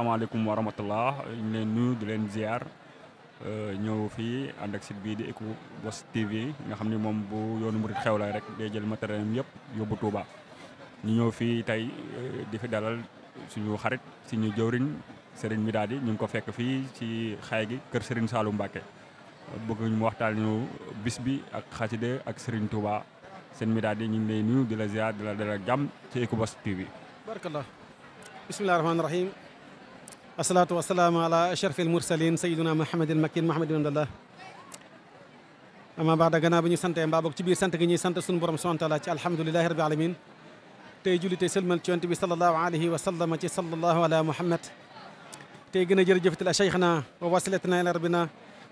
asalaamaaleykum wa rahmatullah ñu leen nuyu du leen ziar euh, ñëw fii ànd ak site bii di eko Ecoboss TV nga xam ni moom bu yoonu murit xew la rek day jël matériel yëpp yóbbu Touba. ñu ñëw fii tey euh, di fi dalal suñu xarit suñu jëwriñ Serigne Midadi ñu ngi ko fekk fii ci xaay gi kër Serigne Saliou Mbacké bëgg mu waxtaan ñu bis bi ak xaside ak sëriñ Touba seen Midadi ñu ngi lay nuyu di la ziar di la dalal jàmm ci Ecoboss TV. barkallah bismillah rahmaani rahim asalaatu wasalaam ala ashrafil mursalin sayiduna muhammadin makin muhammadin abdallah ama baax da gannaaw bi ñu sante mbaa boog ci biir sant gi ñuy sant suñu borom subhanahu wa taala ci alhamdulilahi rabbil alamin tey julli tey sëlmal ci yonent bi sallallahu alayhi wa sallam ci sallallahu ala muhammad tey gën a jërëjëfatil a cheikhna wa wasilatna ila rabbina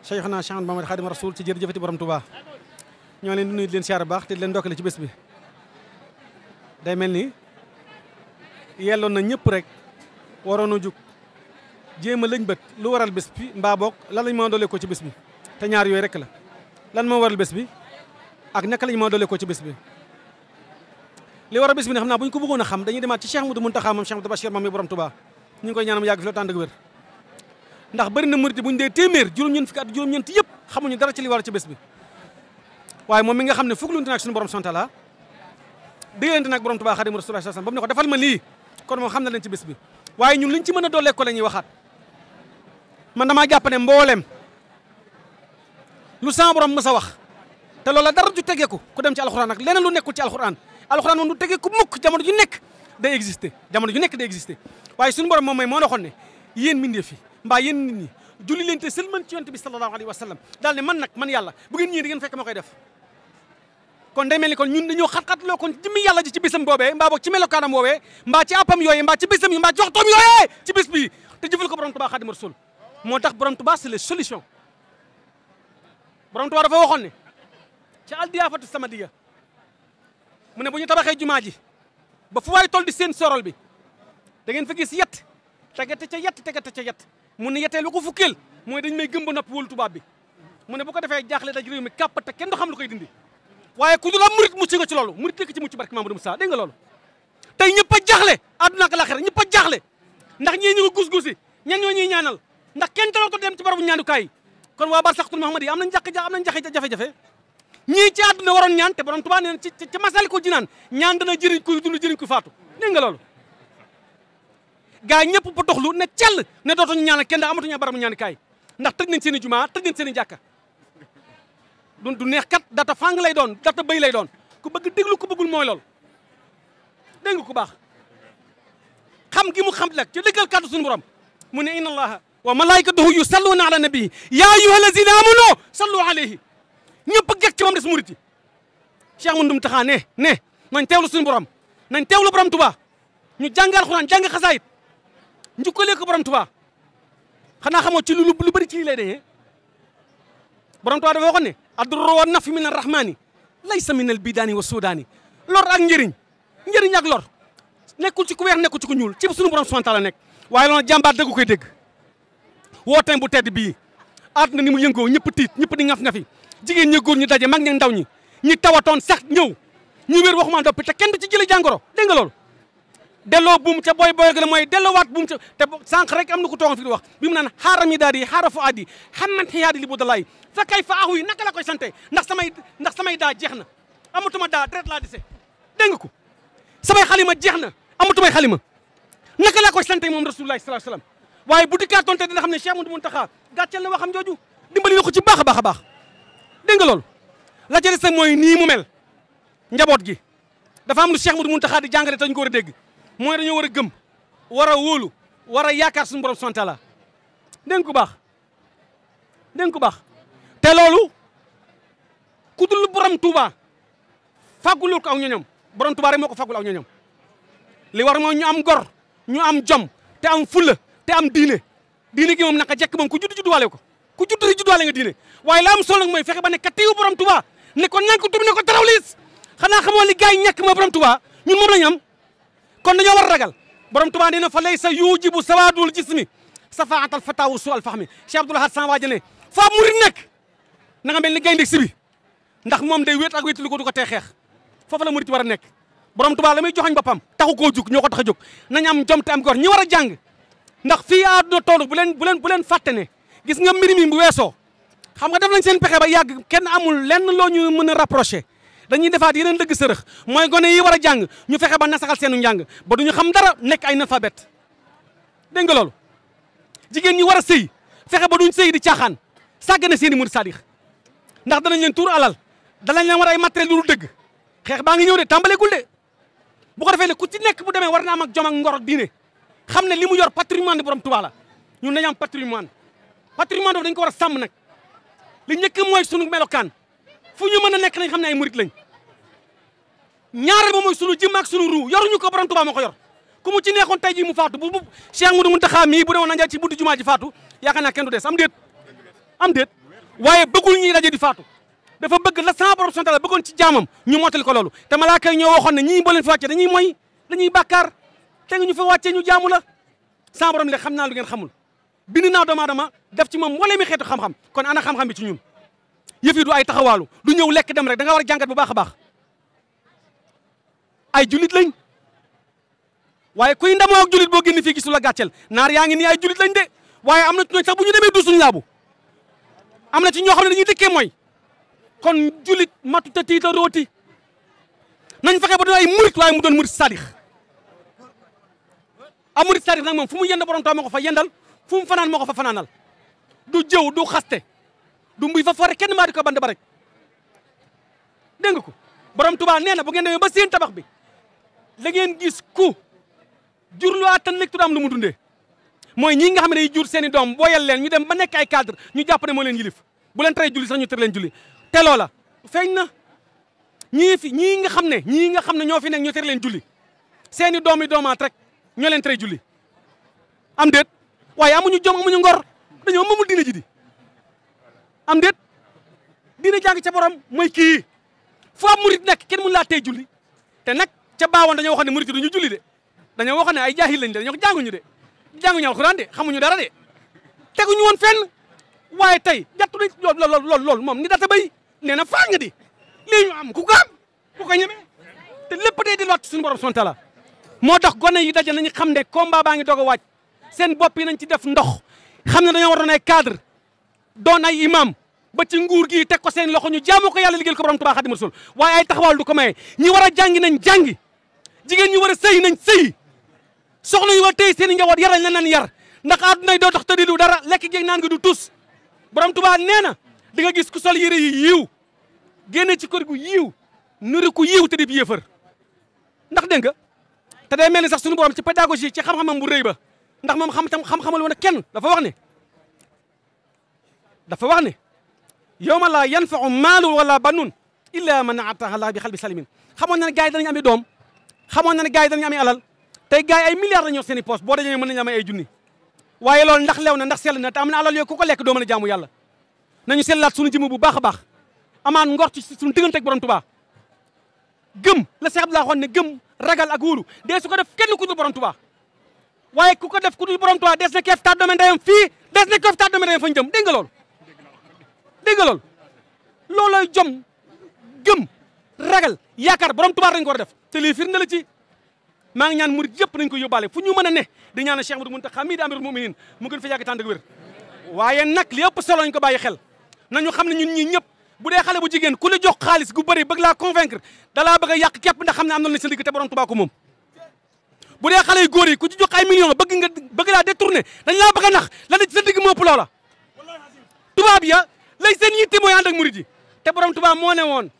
cheikhna cheikh Muhammad xaadima rasul ci jërëjëfati borom Tuubaa ñoo leen di nuyu di leen siyaar baax te di leen ndokkale ci bés bi day mel ni yelloon na ñëpp rek waroon a jug jéem a lañ bët lu waral bés bi mbaa boog lan lañ moo doolee ko ci bés bi te ñaar yooyu rek la lan moo waral bés bi ak naka lañ moo doolee ko ci bés bi li waral bés bi ne xam naa bu ñu ko bëggoon a xam dañuy demaat ci Cheikh Moudou Mountakha moom Cheikh Moudou Bachir moom mi ñu dee téeméer juróom-ñeent fukki at juróom yëpp xamuñu dara ci li waral ci bés waaye moom mi nga xam ne fukk lu nag suñu borom sontala déggante nag borom Touba Xaadimu Rasuul sallallahu alayhi wasallam ba ne ko defal ma lii kon moom xam na leen ci bés bi waaye ñun liñ ci mën a doolee ko la ñuy waxaat man damaa jàpp ne mboolem lu sama borom mës a wax te loola dara ju tegeeku ku dem ci alxuraan ak leneen lu nekkul ci alxuraan alxuraan moom du tegeeku mukk jamono ju nekk day existé jamono ju nekk day existé waaye suñu borom moom mooy moo waxoon ne yéen mbindeef yi mbaa yéen ni ñi julli leen te sëlman ci yonent bi sallallahu alayhi wa sallam daal ne man nag man yàlla bu ngeen ñëwee di ngeen fekk ma koy def kon day mel ni kon ñun dañoo xat kon jëmmi yàlla ji ci bisam boobee mbaa boog ci melokaanam woowee mbaa ci appam yooye mbaa ci bisam yi mbaa ci waxtoom yooyee ci bis bi te jëfal ko borom Tuubaa Xaadimu moo tax borom Tuubaa c'est la solution borom Tuubaa dafa waxoon ne ca di a ci sama samadiya mu ne bu ñu tabaxee jumaa ji ba fu waay tol di seen sorol bi da ngeen fa gis yett tegete ca yett tegete ca yett mu ne yettee lu ko fukkeel mooy dañ may gëm ba nopp tubaab bi mu ne bu ko defee jaaxle daj réew mi kàpp te kenn du xam lu koy dindi waaye ku dul am murit mucc nga ci loolu murit dëkk ci mucc barke Mamadou Moussa dégg nga loolu te ñëpp a jaaxle àdduna ak laaxira ñëpp a ndax ñii ñu ngi gus-gusi ñuy ñaanal ndax kenn dalal ko dem ci barabu ñaanukaay kon waa Barzakhoul Mahmoudi am nañ jàq am nañ jafe-jafe ñii ci àdduna waroon ñaan te borom Tuubaa nee na ci ci Masaalikul Jinaan ñaan dana jëriñ kuy dund jëriñ ku faatu dégg nga loolu gars yi ñëpp ba doxlu ne cell ne dootuñu ñaanal kenn daa amatuñu barabu ñaanukaay ndax tëj nañ seen i jumaa tëj nañ seen i jàkka du du neex kat data fang lay doon data béy lay doon ku bëgg déglu ku bëggul mooy loolu dégg ku baax xam gi mu xam nag ci dëggal kàddu suñu borom mu ne inna allaha wa malaikatuhu yusalluna ala nabi ya ayyuha lazina amanu sallu alayhi ñëpp ak jekk ci moom des murit yi cheikh mun dum taxaa ne ne nañ teewlu suñu borom nañ teewlu borom tuba ñu jàng alxuraan jàng xasaayit njukkalee ko borom tuba xanaa xamoo ci lu lu bëri ci lii lay dañee borom tuba dafa waxoon ne addurru wa nafi min arrahmani laysa min al bidaani wa sudaani lor ak njëriñ njëriñ ak lor nekkul ci ku weex nekkul ci ku ñuul ci suñu borom subhanahu wa taala nekk koy dégg woo wooteem bu tedd bii at na ni mu yëngoo ñëpp tiit ñëpp di ngaf ngafi jigéen ñi góor ñi daje mag ñi ndaw ñi ñi tawatoon sax ñëw ñu wér waxumaa ndoppi te kenn du ci jële jàngoro dégg nga loolu delloo buum ca booy booy gën mooy delloowaat buum ca te sànq rek am na ko toogoon fi di wax bi mu naan xaaram yi daal yi xaara fu aat yi xamante yaadi li bu dalaay fa fa ahu yi naka la koy sante ndax samay ndax samay daa jeex na amatuma daa deret laa dese dégg nga ko samay xalima jeex na amatumay xalima naka laa koy sante moom rasulullah sallallahu alayhi wasallam waaye bu dikkaatoon te dina xam ne Cheikh Mouhamadou Mountakha gàcceel na waxam jooju dimbali na ko ci baax a baax a baax dégg loolu la ca des mooy nii mu mel njaboot gi dafa am lu Cheikh Mouhamadou Mountakha di jàngale te ñu ko war a dégg mooy dañoo war a gëm war a wóolu war a yaakaar suñu borom subhanahu wa taala dégg ko baax dégg ko baax te loolu ku dul borom Touba faggulul ko aw ñoñom borom Touba rek moo ko faggul aw ñoñom li war moo ñu am gor ñu am jom te am fulla te am diine diine gi moom naka jekk moom ku judd juddwaale ko ku judd rek juddwaale nga diine waaye la am solo nag mooy fexe ba ne ka teewu borom tuba ne ko ñàkk tub ne ko taraw liis xanaa xamoo ni gars yi ñàkk mooy borom tuba ñun moom la ñu am kon dañoo war a ragal borom tuba nee na fa laysa yujibu sawadul jismi safaatal fatawu su al fahmi cheikh abdoul ahad san waaja ne faa murid nekk na nga mel ni gaynde si bi ndax moom day wéet ko du ko tee xeex foofu la murid war a nekk borom tuba la joxañ boppam taxu koo jug ñoo ko tax a nañ am am gor ñi war a jàng ndax fii àdduna toll bu leen bu leen bu leen fàtte ne gis nga mbir mi bu weesoo xam nga def nañ seen pexe ba yàgg kenn amul lenn loo ñu mën a rapproché dañuy defaat yeneen dëgg sërëx mooy gone yi war a jàng ñu fexe ba nasaxal seenu njàng ba duñu xam dara nekk ay analphabète dégg nga loolu jigéen ñi war a sëy fexe ba duñ sëy di caaxaan sàggane seen i murid sadix ndax danañ leen tuur alal danañ leen war ay matériel yu dëgg xeex baa ngi ñëw de tàmbaleegul de bu ko defee ku ci nekk bu demee war na am ak jom ak xam ne li mu yor patrimoine borom Touba la ñun dañu am patrimoine patrimoine boobu dañu ko war a sàmm nag li njëkk mooy sunu melokaan fu ñu mën a nekk nañ xam ne ay murit lañ ñaareel ba mooy sunu jëm ak sunu ruu yoruñu ko borom Touba moo ko yor ku mu ci neexoon tey jii mu faatu bu bu Cheikh Moudou Mountakha mii bu demoon nañ ci buntu jumaa ji faatu yaakaar naa kenn du des am déet am déet waaye bëggul ñuy daje di faatu dafa bëgg la sama borom sontal la bëggoon ci jaamam ñu mottali ko loolu te malaaka yi ñoo waxoon ne ñii boo leen fi wàccee dañuy mooy dañuy bàkkaar te nga ñu fa wàccee ñu jaamu la sa borom le naa lu ngeen xamul bind naa doomu aadama def ci moom mbooleem mi xeetu xam kon ana xam-xam bi ci ñun yëf yi ay taxawaalu du ñëw lekk dem rek da war a jàngat bu baax a baax ay julit lañ kuy ndamoo ak julit boo génn fii gisul la gàcceel naar yaa ngi nii ay julit de waaye am na ci ñooñ sax bu demee du suñu na ci ñoo xam ne dañuy dëkkee mooy kon julit matu te tiita fexe ba doon ay murit waaye mu doon murit amourid sarif nag moom fu mu yend borom Tuubaa moo ko fa yendal fu mu fanaan moo ko fa fanaanal du jew du xaste du mbuy fa fore kenn maa ko band ba rek dégg nga ko borom Tuubaa nee na bu ngeen demee ba seen tabax bi la gis ku jur lu tan lekk tu am lu mu dundee mooy ñi nga xam ne jur seen i doom booyal leen ñu dem ba nekk ay cadre ñu jàpp ne moo leen yilif bu leen tey julli sax ñu tër leen julli te loola feeñ na ñii fi ñii nga xam ne ñii nga xam ne ñoo fi nekk ñu tër leen julli seen i doom yi doomaat rek ñoo leen tere julli am déet waaye amuñu jom amuñu ngor dañoo moomul diine ji di am déet diine jàng ca borom mooy kii fo am murit nekk kenn mu laa tey julli te nag ca baawoon dañoo waxoon ne murit duñu julli de dañoo waxoon ne ay jaahil lañ de dañoo jànguñu de jànguñu alxuraan de xamuñu dara de teguñu woon fenn waaye tey jattu nañ lool lool lool lool moom ni data bay nee na faa nga di lii ñu am ku ko ku ko ñeme te lépp day delluwaat suñu borom subhanahu wa taala moo tax gone yi daje nañu xam ne combat baa ngi doog a wàcc seen bopp yi nañ ci def ndox xam na dañoo war waroon ay cadre doon ay imam ba ci nguur gi teg ko seen loxo ñu jaamoo ko yàlla liggéeyal ko borom Tuubaa Xaadimu Rasuul waaye ay taxawal du ko maye ñi war a nañ jàngi jigéen ñi war a sëyi nañ sëyi soxna ñu war a téye seen i njaboot yaral na nan yar ndax addunay doo tax tëddi du dara lekk géeg naan gi du tus borom Tuubaa nee na di nga gis ku sol yére yi yiiw génne ci kër gu yiiw nuru ku yiiw te di yéefar ndax dégg nga te day mel ni sax suñu borom ci pédagogie ci xam-xamam bu rëy ba ndax moom xam xam-xamal woon kenn dafa wax ne dafa wax ne yawma laa yanfau maalu wala banun illa man ataha allah bi xalbi salimin xamoon na ne gars yi danañu amee doom xamoon na ne gars yi danañu amee alal tey gars yi ay milliards la ñoo seen i poche boo dajee mën nañu amee ay junni waaye loolu ndax na ndax sell na te am na alal yooyu ko lekk doo mën a jaamu yàlla nañu sellaat suñu jëmm bu baax a baax amaan ngor ci suñu te ak borom Tuubaa gëm la Cheikh Abdoulaye waxoon ne gëm ragal ak wóolu dee su ko def kenn ku dul borom Tuubaa waaye ku ko def ku dul borom Tuubaa des na keef tàddoome ndeyam fii des na keef tàddoome ndeyam fañ jëm dégg nga loolu dégg nga loolu loolooy jom gëm ragal yaakaar borom Tuubaa def te lii firnde la ci maa ngi ñaan murid yëpp nañ ko yóbbaale fu ñu mën ne di ñaanal Cheikh Ahmadou Mountakha mii di amirul muminin mu gën fi yàgg tànd ak wér waaye nag li ëpp solo ko bàyyi xel na nañu xam ne ñun ñii ñëpp bu dee xale bu jigéen ku la jox xaalis gu bëri bëgg laa convaincre dalaa bëgg a yàq képp ndax ne am na la sa digg te borom Tuubaa ko moom bu dee xale yu góor yi ku ci jox ay millions bëgg nga bëgg laa détourné dañ laa bëgg nax la na ci sa digg moo ëpp loola tubaab ya lay seen yitte mooy ànd ak murid yi te borom tubaab moo ne woon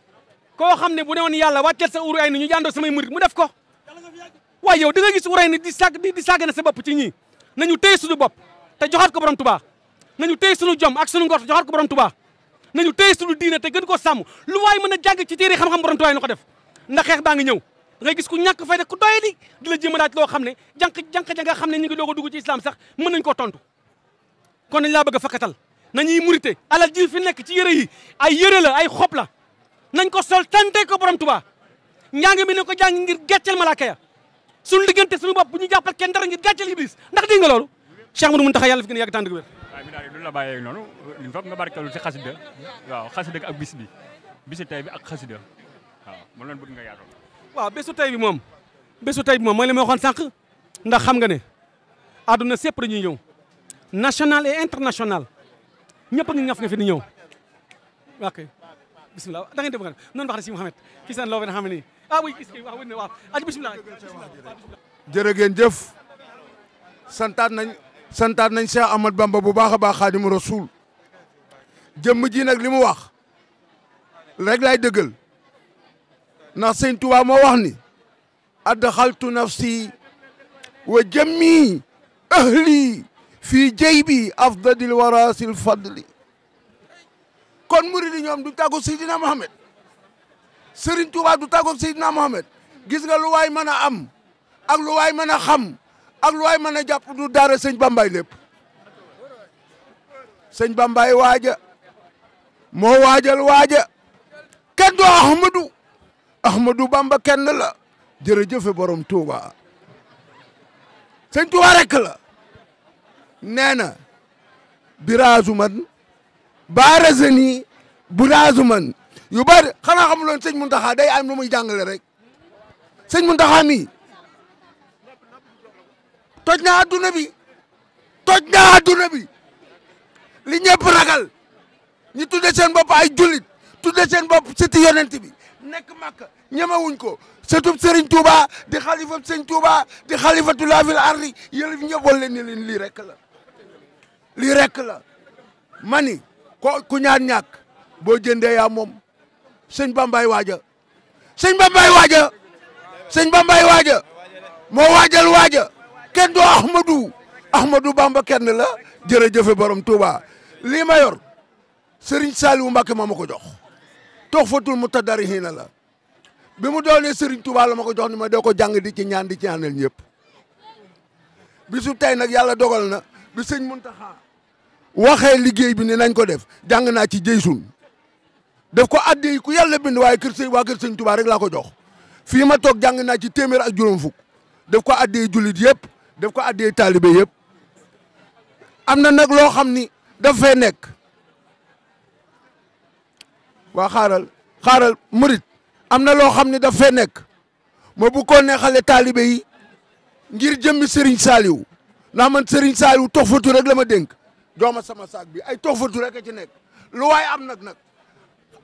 koo xam ne bu ne woon yàlla wàccel sa uru ay ni ñu jàndoo samay murid mu def ko waaye yow da nga gis uru ay ni di sàgg di sàgg sa bopp ci ñii nañu suñu bopp te joxaat ko borom tubaab nañu téye suñu suñu ngor te joxaat ko borom tubaab nañu téye suñu diine te gën koo sàmm lu waaye mën a jàng ci téere xam-xam borom tuwaay na ko def ndax xeex baa ngi ñëw da ngay gis ku ñàkk fay rek ku doye li di la jéem loo xam ne jànq jànq ja nga xam ne ñu ngi doog a dugg ci islam sax mën nañ koo kon nañ laa bëgg a fakkatal nañuy murite alal ji fi nekk ci yëre yi ay yëre la ay xob la nañ ko sol tante ko borom tuba njàng mi ne ko jàng ngir gàcceel malaaka ya suñu diggante suñu bopp bu ñu jàppal kenn dara ngir gàcceel iblis ndax dégg nga loolu Cheikh Mouhamadou Mountakha yàlla fi gën a waaw bi daal di lu la bàyyee noonu ñun fokk nga barkeelu si xasida waaw xasida ak bis bi bisu tey bi ak xasida waaw man loolu bëgg nga yaatal. waaw bésu tey bi moom bésu tey bi moom mooy li ma waxoon sànq ndax xam nga ne àdduna sépp dañuy ñëw national et international ñëpp a ngi ñaf nga fi di ñëw ok bisimilah da ngeen def nga noonu wax na si Mouhamed fii seen loo xam ne nii ah oui est-ce que waaw wér na waaw aji bisimilah jërë ngeen jëf santaat nañ santaat nañ si Ahmad Bamba bu baax a baax xaadimu rasuul jëmm ji nag li mu wax rek laay dëggal ndax sëñ Tuubaa wax ni adxaltu nafsi wa jëmmi ahli fii jaybi afdalil warasil fadli kon murid yi ñoom du tàggu Seydina Mohamed Serigne Touba du tàggu Seydina Mohamed gis nga lu waay mën a am ak lu waay mën a xam ak lu waay mën a jàpp du daara sëñ bambay lépp sëñ bambay waaja moo waajal waaja kenn du ahmadu ahmadu bamba kenn la jërëjëfe borom tuuba sëñ tuuba rek la nee na biraasu man baarazani biraasu yu bar xanaa xamuloon sëñ muntaxa day am lu muy jàngale rek sëñ muntaxa mi toj na adduna bi toj na adduna bi li ñëpp ragal ñi tudde seen bopp ay jullit tudde seen bopp sëti yonent bi nekk màkk ñemewuñ ko sëtub sëriñ Touba di xalifab sëñ Touba di xalifatulaa fil ardi yëlif ñëpp wal leen ne leen la lii rekk la mani ko ku ñaan ñàkk boo jëndee yaa moom sëñ Bambay waaja sëñ Bambay waaja sëñ Bambay waaja moo waaja kenn doo Ahmadou Ahmadou Bamba kenn la jërëjëfe borom tubaa lii ma yor Serigne Saliou Mbacké ma ma ko jox Tuhfatul Mutadarrihin la bi mu doonee Serigne Touba la ma ko jox ni ma doo ko jàng di ci ñaan di ci ñaanal ñëpp bisu tey nag yàlla dogal na bi sëñ Muntaxa waxee liggéey bi ni nañ ko def jàng naa ci jëy sun def ko adde ku yàlla bind waaye kër sëñ waa kër sëñ Touba rek laa ko jox fii ma toog jàng naa ci téeméer ak juróom fukk def ko adde yëpp def ko addee taalibe yëpp am na nag loo xam ni dafa fay nekk waa xaaral xaaral murit am na loo xam ni dafa fay nekk moo bu ko neexale taalibe yi ngir jëmmi Serigne saaliwu ndax man Serigne Saliou toxfatu rek la ma dénk jox sama saak bi ay toxfatu rek a ci nekk lu waaye am nag nag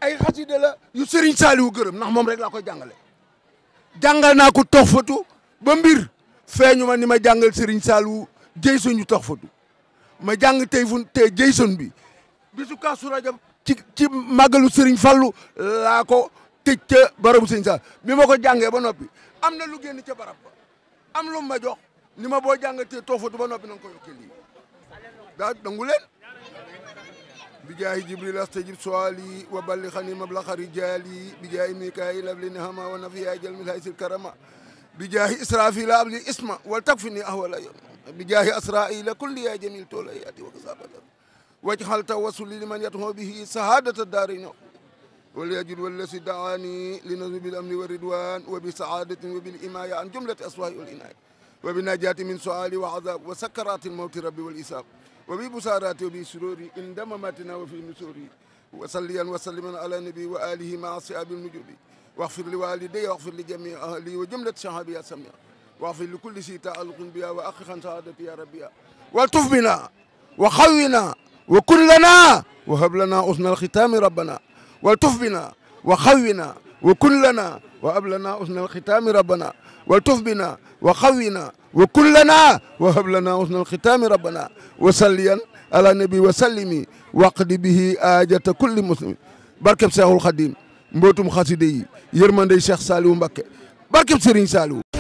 ay xasida la yu Serigne Saliou gërëm ndax moom rek laa koy jàngale jàngal naa ko toxfatu ba mbir feeñu ma ni ma jàngal Serigne Saliou Jeyson suñu tax fadu ma jàng tey fun te Jeyson bi bisu Kazu raja ci ci màggalu Serigne Fallou laa ko tëj barabu Serigne Saliou bi ma ko jàngee ba noppi am na lu génn ca barab am lu ma jox ni ma boo jàngatee toofatu ba noppi na nga ko yokkee lii daa dangu leen bijaahi jibril astajib suali wa balli xani mablaxa rijali bijaahi mikail abli nahama wa nafiya jël mil haysil karama bi jaahi israfila ab li isma wal takfini ahwala yom bi jaahi asraila kulli yaa jamil toola yaati wa kasabada wajhal tawassuli liman yatuhu bihi sahadata daarina wal yajid wallasi daani li nazmi bil amni wa ridwan wa bi saadatin wa bil imaya an jumlati aswahi wal inaya wa bi najati min suali wa azab wa sakarati lmawti rabbi wal isab wa bi busarati wa bi sururi indamamatina wa fi nusuri wa salliyan wa salliman ala nabi wa alihi ma ashabi nujubi واغفر لوالدي واغفر لجميع أهلي وجملة صحابي أسميا واغفر لكل شيء تعلق بها وأخخا سعادتي يا ربي والطف بنا وخونا وكلنا وهب لنا حسن الختام ربنا والطف بنا وخونا وكلنا وهب لنا حسن الختام ربنا والطف بنا وخونا وكلنا وهب لنا حسن الختام ربنا وصليا على النبي وسلم واقض به آجة كل مسلم بركب سيخ الخديم mbootum xaside yi yërmande Cheikh Saliou Mbacké barkeb Serigne Saliou